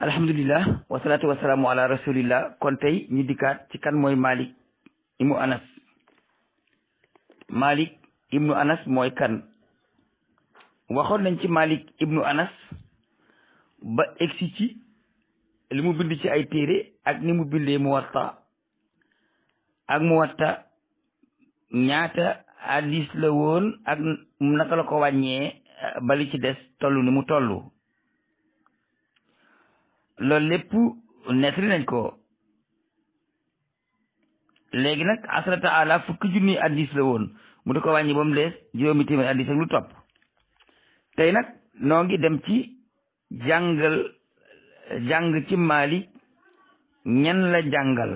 alhamdulillah wasalaatu wasalaamu ala rasulillah kon tey ñu dikkaat ci kan mooy malik ibnu anas malik ibnu anas mooy kan waxoon nañ ci malik ibnu anas ba egsi ci limu mu ci ay téere ak ni mu bindee muwatta ak muwatta ñaata hadis la woon ak naka la ko wàññee bali ci des toll ni mu toll loolu lépp nettali nañ ko léegi nag asrata ala fukki junni addis la woon mu di ko wàññi ba mu des juróomi téeméer addis ak lu topp tey nag noo ngi dem ci jàngal jàng ci Malik ñan la jàngal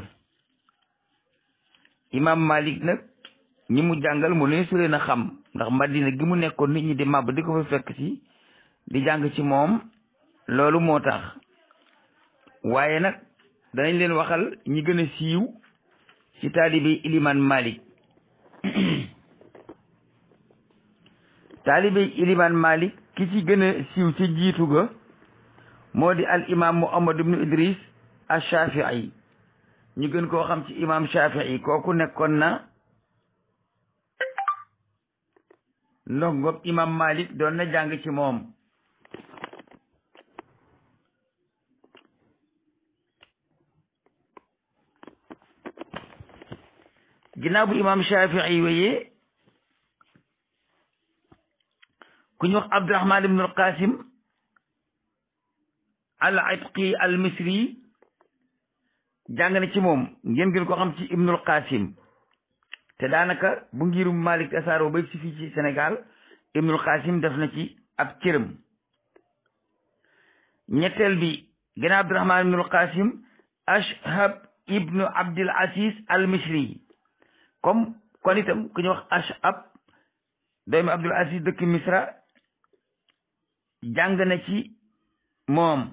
imam Malik nag ñi mu jàngal mu leen suree na xam ndax Madina gi mu nekkoon nit ñi di màbb di ko fa fekk si di jàng ci moom loolu moo tax waaye nag danañ leen waxal ñi gëna siiw ci taalibe iliman malik taalibe iliman malik ki ci gën siiw ci jiitu ga moo di al imam muhammad ibnu idris al shafii ñu gën koo xam ci imam shafii kooku nekkoon na ndongob imam malik doon na jàng ci moom ginnaaw bu imaam Shafii wéyee ku ñu wax Abdurahman ibn al atqi al-Misri ci moom ngeen gën ko xam ci ibn al te daanaka bu ngirum Malik asaaro ba ci fii ci Sénégal ibn al-Qasim def na ci ab cërëm ñetteel bi ginnaaw Abdurahman ibn al Ashhab ibnu Abdul Aziz comme kon itam ku ñu wax Ash'ab doomu Abdul Aziz dëkk Misra jàng na ci moom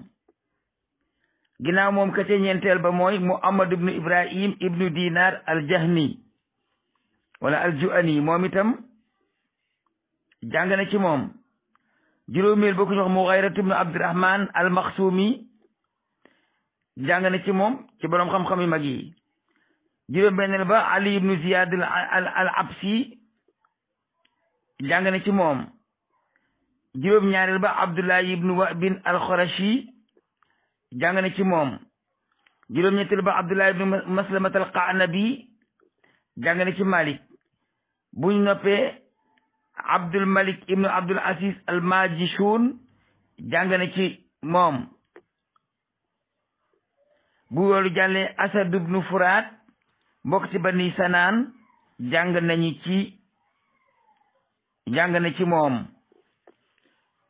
ginnaaw moom kese ñeenteel ba mooy Muhammad ibnu Ibrahim ibnu Dinar al-Jahmi wala al-Ju'ani moom itam jàng na ci moom juróomeel ba ku wax Mughayrat ibnu Abdurahman al-Makhsumi jàng na ci moom ci boroom xam-xam yu mag juróom benneel ba ali ibnu ziyad al al absi jàng na ci moom juróom ñaareel ba abdullahi ibnu wabin al xorashi jàng na ci moom ba abdullahi ibnu maslamat al qanabi jàng na ci malik bu ñu noppee abdul malik ibnu abdul asis al majishun jàng na ci moom bu loolu jàllee asad ibnu furaat mbokk ci bani sanaan jàng nañu ci jàng na ci moom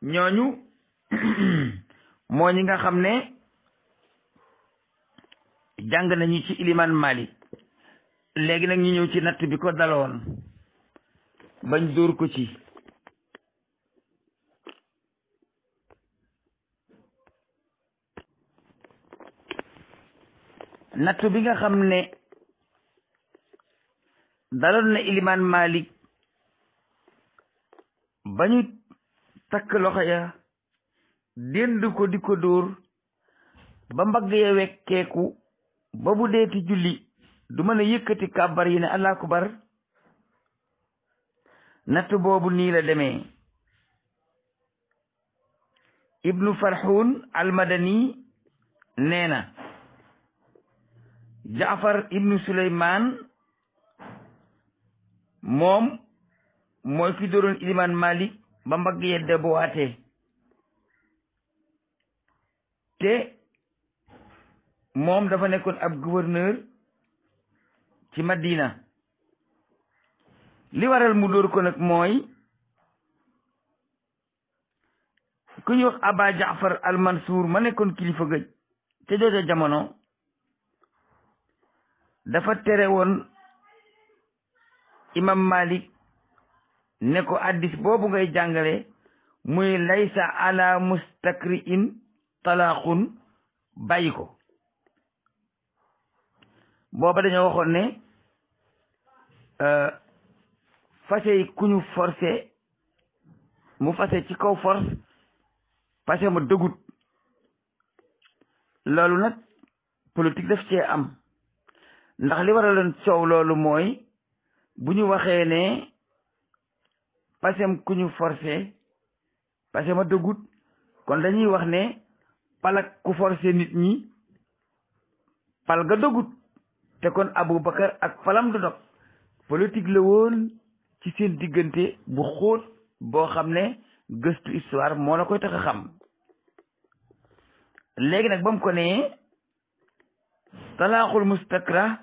ñooñu moo ñi nga xam ne jàng nañu ci iliman malik léegi nag ñu ñëw ci natt bi ko daloon bañ dóor ko ci natt bi nga xam ne daloon na ilimaan malik ba ñu takk loxo ya dénd ko di ko dóor ba mbagg ya wekkeeku ba bu deeti julli du mën a yëkkati kàbbar yi ne allah natt boobu nii la demee ibnu farxuun almadani nee na jaafar ibnu suleymaan moom mooy ki dooroon ilimaan malik ba mbagg yedde bo waatee te moom dafa nekkoon ab gouverneur ci Madina li waral mu dóor mooy ku ñuy wax Aba Jaafar al ma nekkoon kilifa gëj te jooja jamono dafa tere woon imam malik ne ko addis boobu ngay jàngale muy laysa ala mustakri in talaaqun bàyyi ko booba dañoo waxoon ne euh, fase ku ñu forcé mu fase ci kaw force fase ma dëggut loolu nag politique daf cee am ndax li waraloon coow loolu mooy bu ñu waxee ne pasem ku ñu forcé pasem a dëggut kon dañuy wax ne palak ku forcé nit ñi pal ga dëggut te kon Aboubacar ak palam du dog politique la ci seen diggante bu xóot boo xam ne gëstu histoire moo la koy tax a xam léegi nag ba mu ko nee talaaxul mustakrah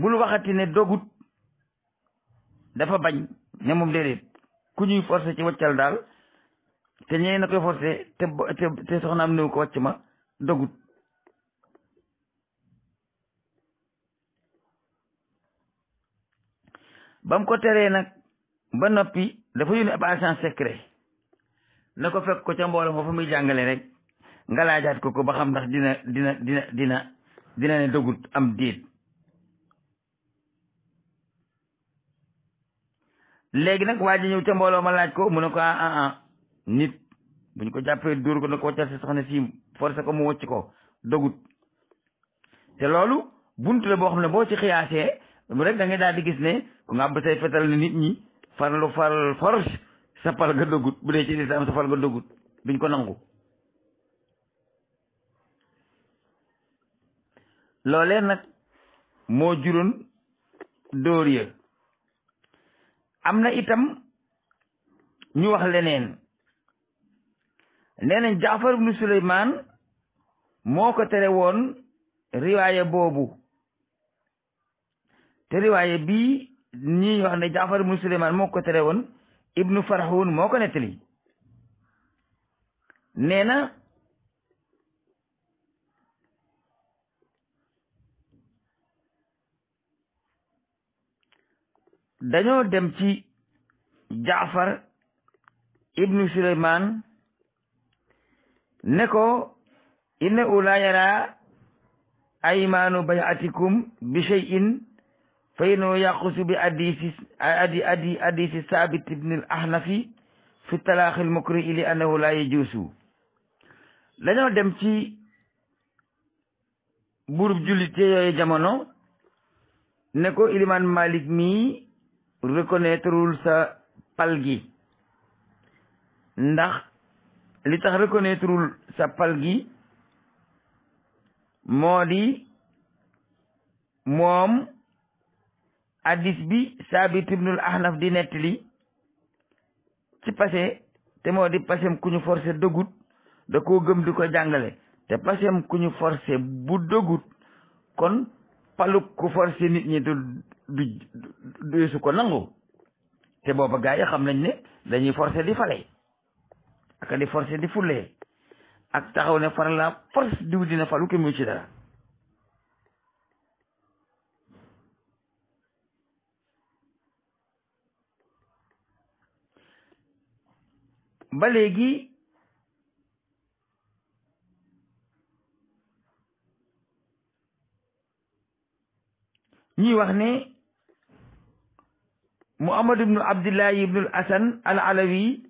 bul waxati ne dogut dafa bañ ne moom déedéet ku ñuy forcé ci waccal daal te ñee na koy forcé te soxnaam néew ko wàcc ma dogut ba mu ko teree nag ba noppi dafa yónni ab agent secret na ko fekk ko ca mbooloo fa muy jàngale rek nga laajaat ko ko ba xam ndax dina dina dina dina dina ne dogut am déet léegi nag waa ji ñëw ca mbooloo ma laaj ko mu ne ko ah ah, ah nit buñ ko jàppee dóor ko ne ko wàccal si soxna si forcé ko mu wocc ko dogut te loolu buntu la boo xam ne boo ci xiyaasee rek da daal di gis ne ku ngàbb say fetal ne nit ñi farlu far force sa pal nga dogut bu dee ci lislaam sa pal nga dogut duñ ko nangu loolee nag moo juróon dóor ya am na itam ñu wax leneen nee nañ jaafar ibnu suleymaan moo ko tere woon riwaaye boobu te riwaaye bii ñi wax ne jaafar ibnu suleymaan moo ko tere woon ibnu farxuun moo ko nettali nee na dañoo dem ci jaafar ibnu suleyman ne ko inna ula yara aymaanu bayatikum bi cheyin fa inoo yaqusu bi adisi adi saabit ibni ahnafi fi talaaxi al mukri ili annahu dañoo dem ci buurub jullite yooyu jamono ne malik mii reconnaîtreul sa pal gi ndax li tax reconnaîtreul sa pal gi moo di moom addis bi saabit ibnul di nettali ci passé te moo di passem ku ñu forcé dëggut da koo gëm di ko jàngale te passem ku ñu forcé bu dëggut kon palu ku nit ñi du du du su ko nangu te booba gaa yi xam nañ ne dañuy forcé di fale ak di forcé di fulee ak taxaw ne far la force diw dina falu mu ci dara ba léegi dañuy wax ne muhammad ibnu abdullahi ibnul asan al alawi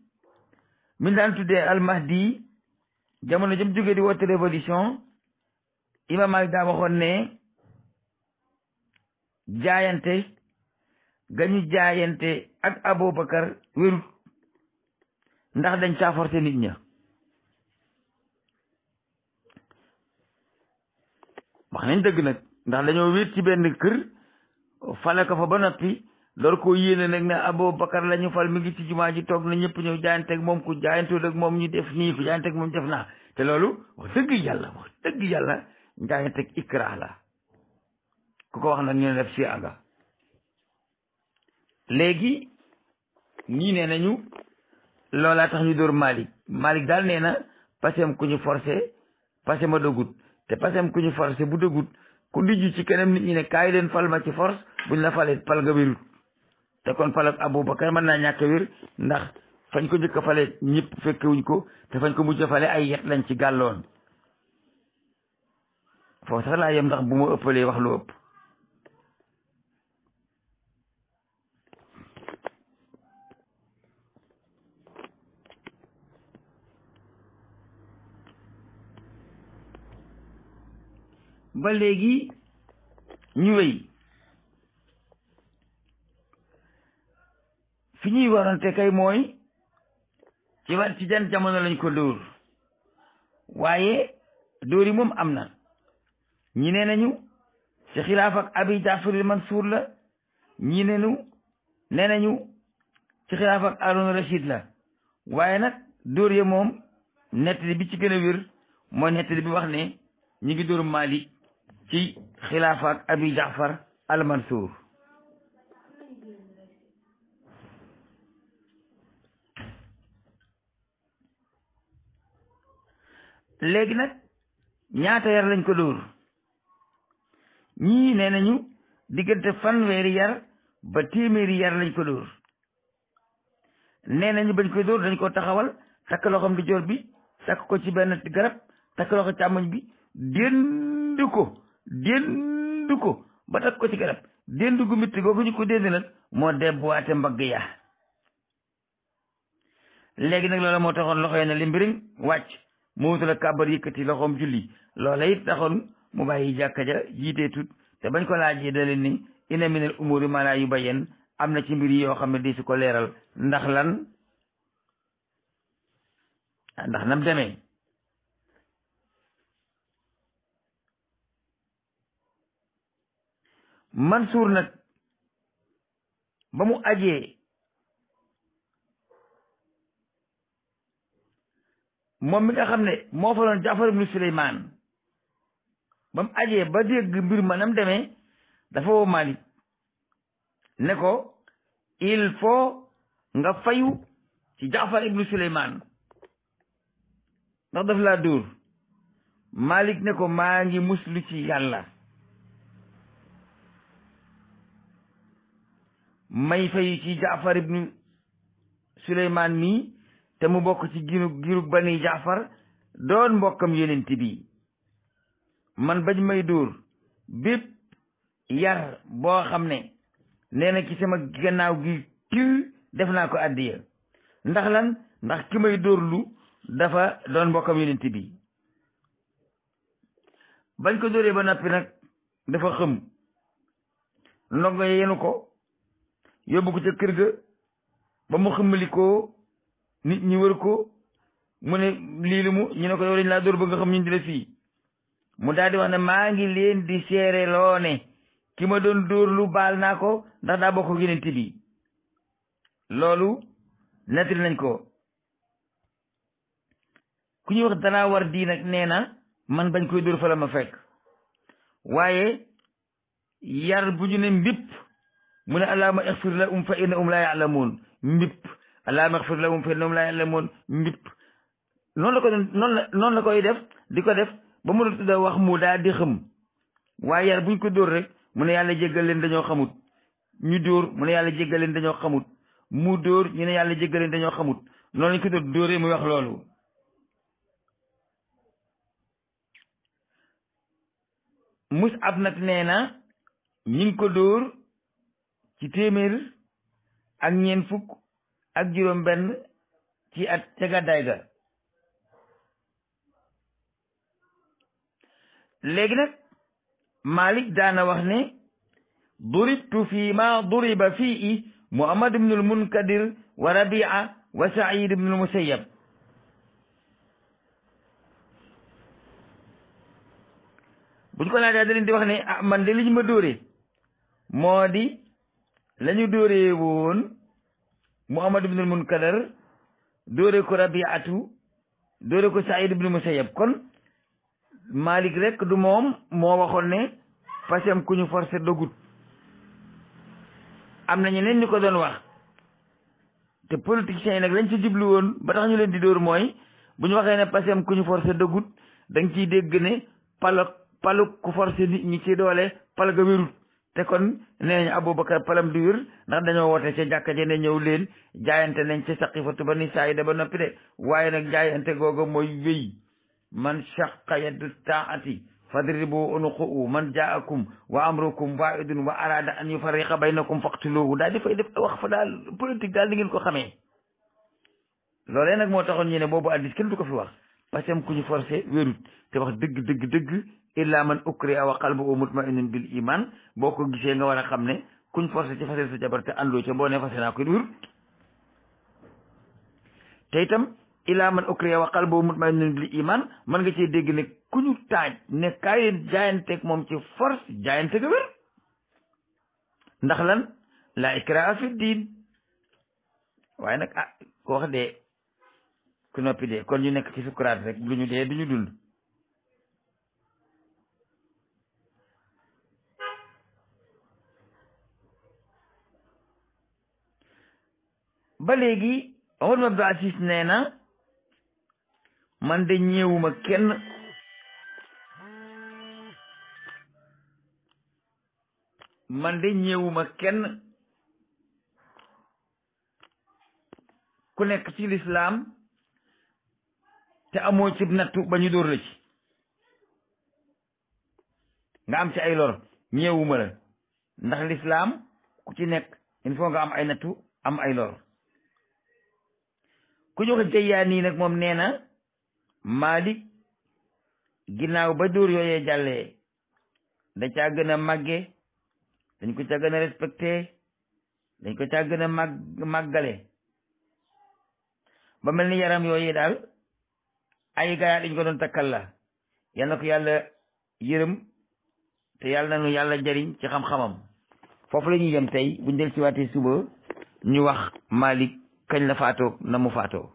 mi daan tuddee al mahdi jamono jëm jóge di woote révolution imam Malik daa waxoon ne jaayante gañu jaayante ak aboubacar wérut ndax dañ caa forcé nit ña wax nañ dëgg nag ndax dañoo wéet ci benn kër fale ko fa ba noppi door ko yéene nag ne Aboubacar la ñu fal mi ngi ci jumaa ji toog na ñëpp ñëw jaayanteeg moom ku jaayantu moom ñu def nii ku jaayanteeg moom def naa te loolu wax yàlla dëgg yàlla jaayanteeg ikra la ku ko wax nag ñu ne def si àgga léegi ñii nañu loolaa tax ñu dóor Malick Malick daal nee na pasem ku ñu forcé pasé ma dëggut te pasem ku ñu forcé bu dëggut ku dijju ci kanam nit ñi ne kaay leen fal ma ci force buñ la falee pal nga te kon pal ak Aboubacar mën naa ñàkk wér ndax fañ ko njëkk a fale ñëpp fekkewuñ ko te fañ ko mujj a ay yet lañ ci gàlloon foofu sax laa yem ndax bu ma ëppalee wax lu ëpp ba léegi ñu wéy ñuy warante kay mooy ci war ci jan jamono lañ ko dóor waaye dóor yi moom am na ñi ne nañu ci xilaaf ak abi jaafaril mansuur la ñi ne nañu ci xilaaf ak Haroun la waaye nag dóor ya moom nettali bi ci gën a wér mooy nettali bi wax ne ñi ngi dóor Malik ci xilaaf ak abi jaafar al mansuur léegi nag ñaata yar lañ ko dóor ñii nee nañu diggante fanweeri yar ba téeméeri yar lañ ko dóor nee nañu bañ koy dóor dañ ko taxawal takk loxoom di joor bi takk ko ci benn garab takk loxo càmmoñ bi dénd ko dénd ko ba takk ko ci garab dénd gu mitti googu ko dénd nag moo debbuwaate mbagg yaa léegi nag loola moo taxoon loxo yi ne li mbiriñ wàcc mu la kàbbar yëkkati loxoom julli loola it taxoon mu bàyyi jàkka ja jiitee tut te bañ ko laajee da leen ni ina minal umuri maa laa yubayyan am na ci mbir yoo xam ne di su ko leeral ndax lan ah, ndax nam demee Mansuur nag ba mu ajee moom mi nga xam ne moo fa doon Jaafar ibnu Suleymaan ba mu ajee ba dégg mbir ma nam demee dafa woo Malik ne ko il faut nga fayu ci Jaafar ibnu Suleymaan ndax daf laa dóor Malik ne ko maa ngi muslu ci yàlla may fayu ci Jaafar ibnu Suleymaan nii te mu bokk ci giru giru bani jaafar doon mbokkam yonent bi man bañ may dóor bépp yar boo xam ne nee na sama gannaaw gi tiw def naa ko àddiya ndax lan ndax ki may dóor lu dafa doon mbokkam yonent bi bañ ko dóoree ba noppi nag dafa xëm ndongo yenu ko yóbbu ko ca kër ga ba mu xëmmalikoo nit ñi wër ko mu ne lii lu mu ñu ne ko yow dañ laa dóor ba nga xam ñu di la fii mu daal di wax ne maa ngi leen di seere loo lu baal naa ko ndax daa bokk yeneen loolu nettali nañ ko ku ñuy wax danaa war di nag nee na man bañ koy dóor fa la ma fekk waaye yar bu ñu ne mbipp mu ne allahuma ixfir la um fa inna um laa yaalamuun mbipp allahumma ighfir lahum fa innahum laa ya'lamuun mbip noonu la ko doon la koy def di ko def ba mu tudda wax mu daal di xëm waaye yar buñ ko dóor rek mu ne yàlla jéggal leen dañoo xamut ñu dóor mu ne yàlla jéggal leen dañoo xamut mu dóor ñu yàlla jéggal dañoo xamut noonu lañ na ñi ko dóor ci téeméer ak ñeent fukk ak juróom benn ci at ca gàddaay léegi nag malik daana wax ne duribtu fi ma duriba fii muhammad ibnul munkadir wa rabia wa said ibnul musayab buñ ko laajee da leen di wax ne ah man de liñ ma dóore moo lañu dóore woon muhammad ibnul munkadar doore ko rabiatu doore ko sa bi saïd ibnu yeb kon malik rek du moom moo waxoon ne fasem ku ñu forcé dogut am na ñeneen ñu ko doon wax te politiciens yi nag lañ ci jublu woon ba tax ñu leen di dóor mooy bu ñu waxee ne pasem ku ñu forcé dëggut da nga ciy dégg ne palo palu ku forcé nit ñi ci doole pal ga wérut te kon nee nañu Aboubacar palam du wir ndax dañoo woote ca jàkka ja ne ñëw leen jaayante nañ ci saqifatu ba ni saayida ba noppi de waaye nag jaayante googu mooy wéy man shaqa yaddu taati fadribu unuqu man jaakum wa amrukum waidun wa arada an yufarriqa baynakum faqtuluhu daal di fay def wax fa daal politique daal di ngeen ko xamee loolee nag moo taxoon ñu ne boobu addis kenn du ko fi wax parce que am ku ñu te wax dëgg dëgg dëgg illa man ukriha wa qalbuhu mutma'innun bil iman boo ko gisee nga war a xam ne kuñ forcé ci fase sa jabar te àndoo ca boo ne fase naa ko it wérut te itam illa man ukriha wa qalbuhu mutma'innun bil iman mën nga cee dégg ne ku ñu taaj ne kaay leen moom ci force jaayante ga wér ndax lan la ikraha fi diin waaye nag ah ko wax dee ku noppi dee kon ñu nekk ci sukuraat rek lu ñu dee du ñu dund ba léegi Omar Abdou Aziz nee na man de ñëwuma kenn man de ñëwuma kenn ku nekk ci lislaam te amoo ci nattu ba ñu dóor nga am ci ay lor ñeewuma la ndax lislaam ku ci nekk il faut nga am ay nattu am ay ku ñu wax Dayyaani nag moom nee na Malik ginnaaw ba dóor yooyee jàllee da caa gën a màgge dañ ko caa gën a respecté dañ ko caa gën a màgg màggale ba mel ni yaram yooyee daal ay garaat dañ ko doon takkal la yal ko yàlla yërëm te yàlla nanu yàlla jariñ ci xam-xamam foofu la ñuy yem tey buñ del ci waatee suba ñu wax Malik kañ la faatoo na mu faatoo